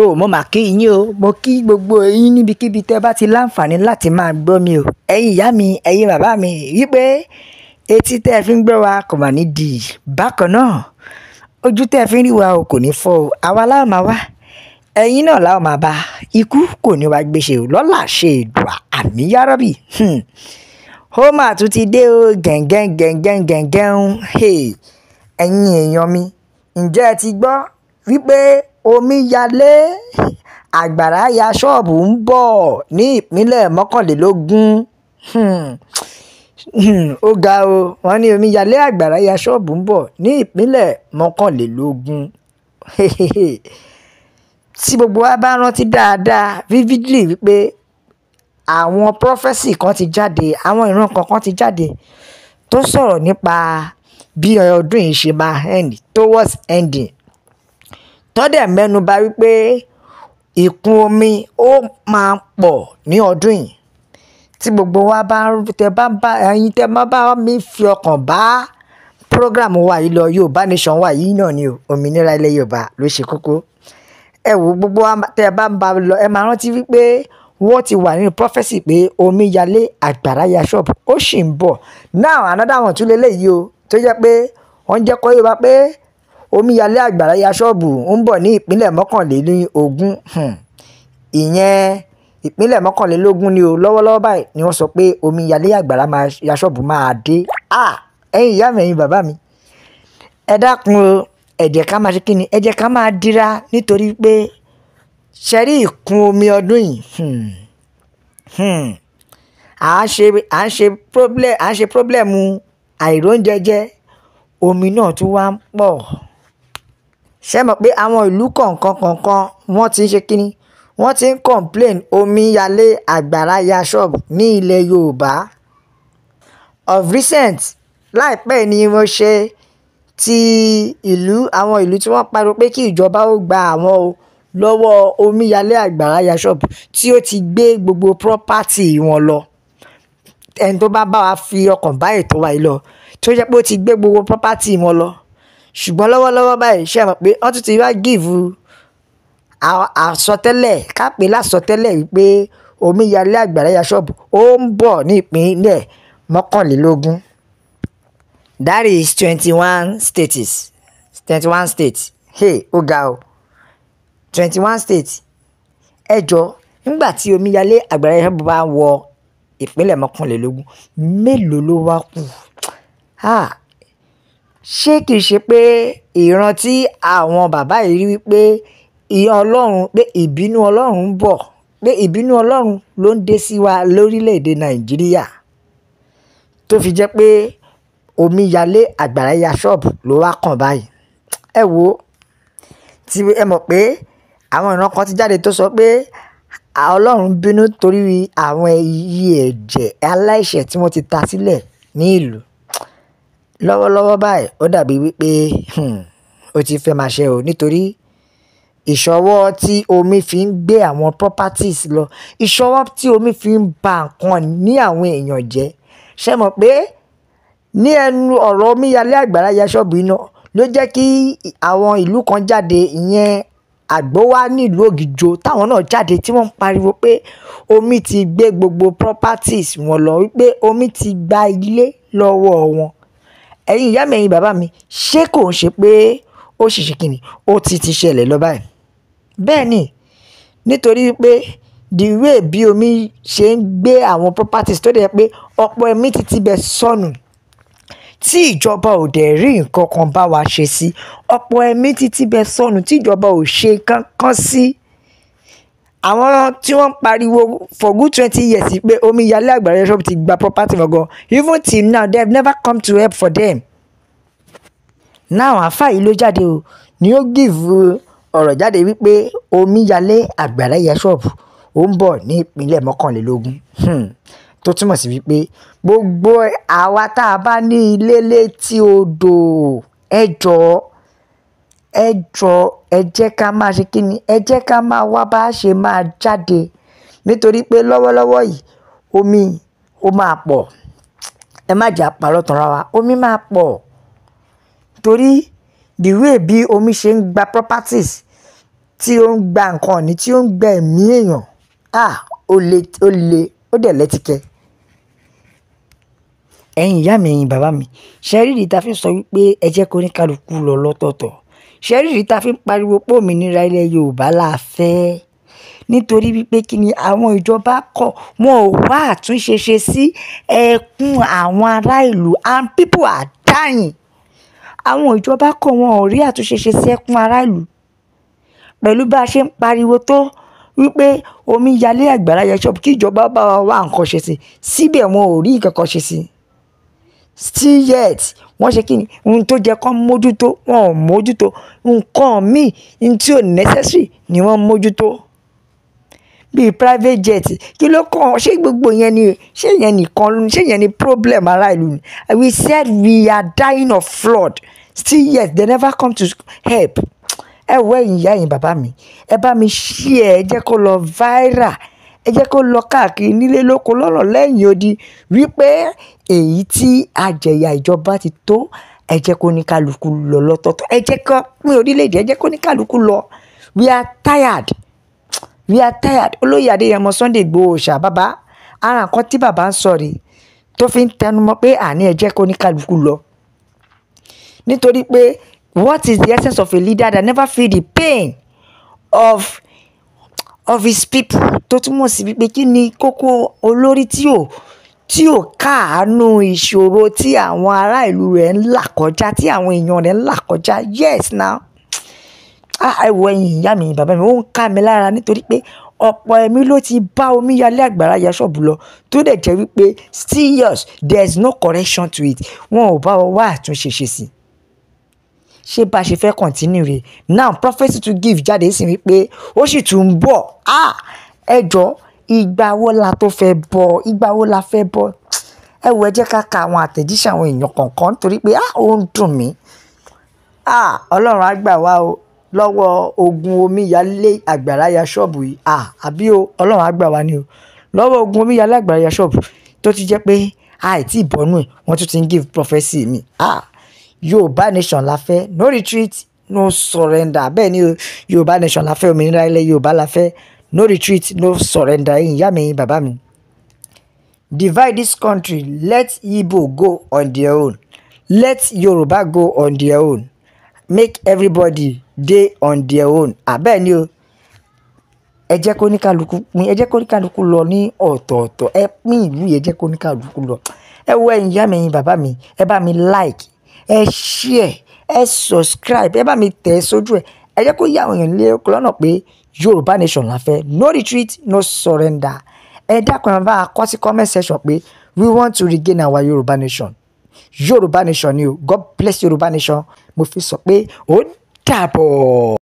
so mo mà kí yín o mo kí gbogbo yín níbikíbi tẹ́ bá ti láǹfààní láti máa gbọ́ mi o ẹ̀yin ìyá mi ẹ̀yin bàbá mi wípé etí tẹ́ ẹ fi ń gbọ́ wa kò mà ní di bákan náà ojú tẹ́ ẹ fi ń rí wa o kò ní fọ́ o àwa láwọn máa wá ẹ̀yin náà láwọn máa bá ikú kò ní wá gbéṣe o lọ́la ṣe èdùà àmì yárọ́bì ó hmm. mà tún ti dé o gẹ̀ǹgẹ̀ǹgẹ̀ǹgẹ̀ǹgẹ̀ǹgẹ̀ǹ ẹ̀yin èèyàn mi ǹjẹ́ ẹ ti gbọ́ wípé omíyalé àgbàrá ya ṣọ́ọ̀bù ń bọ̀ ní ìpínlẹ̀ mọ́kànlélógún hmm. Hmm. ó ga o wọ́n ní omíyalé àgbàrá ya ṣọ́ọ̀bù ń bọ̀ ní ìpínlẹ̀ mọ́kànlélógún tí gbogbo wa bá rántí dáadáa vividly wípé àwọn prophesy kan ti jáde àwọn ìran kankan ti jáde tó sọ̀rọ̀ nípa bí ọdún yìí ṣe máa end towards ending wọ́n dẹ̀ mẹ́nuba wípé ìkún omi ó máa pọ̀ ní ọdún yìí tí gbogbo wa bá tẹ bá bá ẹyin tẹ bá bá mi fi ọkàn bá program wa yìí lọ Yorùbá Nation wa yìí náà ni òmìnira ilẹ̀ Yorùbá ló ṣe kókó ẹ wò gbogbo wa tẹ bá ń ba lọ ẹ máa rántí wípé wọ́n ti wà nínú prophesy pé omi yalé àgbàrá ya ṣọ́ọ̀bù ó sì ń bọ̀ now another one tún lélẹ́yìí o tó jẹ́ pé wọ́n jẹ́ kọ́ Yorùbá pé omíyalé àgbàrá ya ṣọ́ọ̀bù ń bọ̀ ní ìpínlẹ̀ mọ́kànlélógún hmm. ìyẹn ìpínlẹ̀ mọ́kànlélógún ni o lọ́wọ́lọ́wọ́ báyìí ni wọ́n sọ pé omíyalé àgbàrá ya ṣọ́ọ̀bù máa dé ẹ̀yin ìyá mi ẹ̀yin bàbá mi ẹ dákun o ẹ jẹ́ ká máa ṣe kí ni ẹ jẹ́ ká máa dira nítorí pé ṣẹ́rí ìkún omi ọdún yìí hmm. Hmm. à ń ṣe problem à ń ṣe problem àìróúnjẹ jẹ omi náà tún wá ń pọ̀ ṣe mọ̀ pé àwọn ìlú kọ̀ọ̀kan kọ̀ọ̀kan wọ́n ti ń ṣe kínní wọ́n ti ń complain omíyalé àgbàrá ya ṣọ́ọ̀bù ní ilẹ̀ yorùbá of recent láìpẹ́ ni mo ṣe ti ìlú àwọn ìlú tí wọ́n pariwo pé kí ìjọba ó gba àwọn o lọ́wọ́ omíyalé àgbàrá ya ṣọ́ọ̀bù tí ó ti gbé gbogbo property wọn lọ ẹni tó bá bá wa fi ọkàn bá ètò wa yìí lọ tó jẹ́ pé ó ti gbé gbogbo property wọn lọ ṣùgbọ́n lọ́wọ́lọ́wọ́ báyìí ṣe mọ̀ pé wọ́n tún ti wá gíìfù àsọtẹ́lẹ̀ ká pè lásọtẹ́lẹ̀ wípé omíyalé àgbàrá ya ṣọ́ọ̀bù ó ń bọ̀ ní ìpínlẹ̀ mọ́kànlélógún that is twenty one states twenty one states hey ó ga o twenty one states ẹ jọ nígbà tí omíyalé àgbàrá ya ṣọ́ọ̀bù bá wọ ìpínlẹ̀ mọ́kànlélógún mélòó ló wá kù ah, ṣé kì í ṣe pé ìran tí àwọn bàbá yìí rí wípé ìyà ọlọ́run pé ìbínú ọlọ́run ń bọ̀ pé ìbínú ọlọ́run ló ń dé sí wa lórílẹ̀‐èdè nàìjíríà tó fi jẹ́ pé omi yalé àgbàrá ya ṣọ́ọ̀bù ló wá kàn báyìí ẹ wo tí ẹ mọ̀ pé àwọn ìran kan ti jáde tó sọ pé ọlọ́run bínú torí àwọn iye ẹ̀jẹ̀ aláìṣẹ̀ tí wọ́n ti ta sílẹ̀ ní ìlú lọ́wọ́lọ́wọ́ báyìí ó dàbí wípé um ó ti fẹ́ máa ṣe o nítorí ìṣọwọ́ tí omi fi ń gbé àwọn properties lọ ìṣọwọ́ tí omi fi ń ba nǹkan ní àwọn èèyàn jẹ́ ṣe mọ̀ pé ní ẹnu ọ̀rọ̀ omíyalé àgbàrá yaṣọ́ọ̀bù iná ló jẹ́ kí àwọn ìlú kan jáde ìyẹn àgbówá nílùú ògìjò táwọn náà jáde tí wọ́n ń pariwo pé omi ti gbé gbogbo properties wọn lọ wípé omi ti gba ilé lọ́wọ́ wọn ẹ̀yin ìyá mi bàbá mi ṣé kò ń ṣe pé ó ṣìṣì kìnnì ó ti ti ṣẹlẹ̀ lọ báyìí bẹ́ẹ̀ ni nítorí pé the way bí omi ṣe ń gbé àwọn properties tó dẹ̀ pé ọ̀pọ̀ ẹ̀mí ti tibẹ̀ sọnù tí ìjọba ò dẹ̀ rí nǹkan kan bá wa ṣe sí ọ̀pọ̀ ẹ̀mí ti tibẹ̀ sọnù tí ìjọba ò ṣe kankan sí. Si àwọn tí wọ́n ń pariwo for good twenty years pé omíyalé àgbàrá shop ti gba property for gan even till now they have never come to help for them. now àáfàá yìí ló jáde o ni ó give uh, ọ̀rọ̀ jáde wípé omíyalé àgbàrá ya shop ó ń bọ̀ ní ìpínlẹ̀ mọ́kànlélógún hmm. tó túmọ̀ sí wípé gbogbo àwa tá a bá ní ilé létí odò ẹ jọ̀ọ́ ẹ jọ̀ọ́ ẹ jẹ́ ká máa ṣe kí ni ẹ jẹ́ ká máa wá bá a ṣe máa jáde nítorí pé lọ́wọ́lọ́wọ́ yìí omi ó máa pọ̀ ẹ má jà parọ́ tanra wa omi máa pọ̀ torí the way bí omi ṣe ń gba properties tí ó ń gba nǹkan ọ̀ní tí ó ń gba ẹ̀mí èèyàn ah ó le ó le ó dẹ̀ lẹ́tìkẹ́ ẹ̀yin ìyá mi ẹ̀yin bàbá mi ṣe rí ìdí tá a fi sọ wípé ẹ jẹ́ kó ní kálukú lọ lọ́tọ̀ọ̀tọ̀ ṣẹ́ríìrí tá a fi ń pariwo pé òmìnira ilẹ̀ yorùbá la fẹ́ nítorí wípé kí ni àwọn ìjọba kọ̀ wọn ò wá àtúnṣe ṣe sí ẹkún àwọn ará ìlú and people are dying àwọn ìjọba kọ̀ wọn ò rí àtúnṣe ṣe sí ẹkún ará ìlú pẹ̀lú bá a ṣe ń pariwo tó wípé omi yalé àgbàrá yẹ ṣọ́ọ̀bù kí ìjọba bá wa wá nǹkan ṣe sí síbẹ̀ wọn ò rí nǹkan kan ṣe sí i still yet wọ́n ṣe kí ni ohun tó jẹ́ kán mójútó wọn ò mójútó nǹkan míì ní tí ò necessary ni wọ́n mójútó bíi private jet kí ló kàn ṣé gbogbo yẹn ni ṣé yẹn nìkan ló ṣé yẹn ni problem ará ìlú ni we said we are dying of flood still yet they never come to help ẹ wọ ẹ̀yin ìyá yín bàbá mi ẹ bá mi ṣí ẹ jẹ́ kó lọ viral jẹ́ kó lọ káàkiri nílé lóko lọ́nà lẹ́yìn odi wípé èyí tí àjẹyà ìjọba ti tó ẹ jẹ́ kó ní kálukú lọ lọ́tọ̀ọ̀tọ̀ ẹ jẹ́ kó pín orílẹ̀-èdè ẹ jẹ́ kó ní kálukú lọ we are tired we are tired olóyè adéyẹmọ Sunday Igboho ṣá bàbá ara nǹkan tí bàbá ń sọ rèé tó fi ń tẹnumọ́ pé àní ẹ jẹ́ kó ní kálukú lọ nítorí pé what is the essence of a leader that never feel the pain of of his people tó túmọ̀ sí wípé kí ni kókó olórí tí ò tí ò káàánú ìṣòro tí àwọn ará ìlú rẹ̀ ń là kọjá tí àwọn èèyàn rẹ̀ ń là kọjá yes now àìwọ ah, ẹ̀yin ìyá mi bàbá mi ó ń ká mi lára nítorí pé ọ̀pọ̀ ẹ̀mí ló ti bá omíyalé àgbàrá ya ṣọ́ọ̀bù lọ tó dẹ̀ jẹ́ wípé serious there is no correction to it wọn ò bá wa wá àtúnṣe ṣe sí i ṣé bá a ṣe fẹ́ continue rẹ̀ now prophecy to give jáde sí wípé ó sì tún ń bọ̀ ah! ẹ ìgbà wo la tó fẹ́ bọ̀ ìgbà wo la fẹ́ bọ̀ ẹ wò ẹ jẹ́ ká ka àwọn àtẹ̀jíṣẹ́ àwọn èèyàn kọ̀ọ̀kan nítorí pé ah, ó ń dùn mí ah, ọlọ́run á gbà wá o lọ́wọ́ ogun omíyalé àgbàrá ya ṣọ́ọ̀bù yìí àbí o ọlọ́run á gbà wá ni o lọ́wọ́ ogun omíyalé àgbàrá ya ṣọ́ọ̀bù tó ti jẹ́ pé àìtí ìbọnú ẹ̀ wọ́n tún ti ń give prophecy mi. Ah, yorùbá nation la fẹ́ no retreat no surrender bẹ́ẹ̀ ni yorùbá nation la fẹ́ òmìnira ilẹ̀ yorùbá la fẹ́ no retreat no surrender ẹ̀yin ìyá mi bàbá mi. divide this country let igbo go on their own let yoruba go on their own make everybody dey on their own abẹ́ẹ̀ ni o ẹ jẹ́ kó níkàlùkù pín ẹ jẹ́ kó níkàlùkù lọ ní ọ̀tọ̀ọ̀tọ̀ ẹ pín ìlú yẹn jẹ́ kó níkàlùkù lọ ẹ wo ẹ̀yin ìyá mi ẹ̀yin bàbá mi ẹ bá mi like ẹ share, ẹ subscribe, ẹ bá mi tẹ̀ ẹ́ sójú ẹ̀. Ẹ jẹ́ kó yá àwọn èèyàn lóko lọ́nà pé Yorùbá nation la fẹ́. No retreat, no surrender. Ẹ dákun ẹ bá a kọ sí comment section pé we want to regain our Yorùbá nation. Yorùbá nation ni o. God bless Yorùbá nation. Mo fi sọ pé ó dàbọ̀.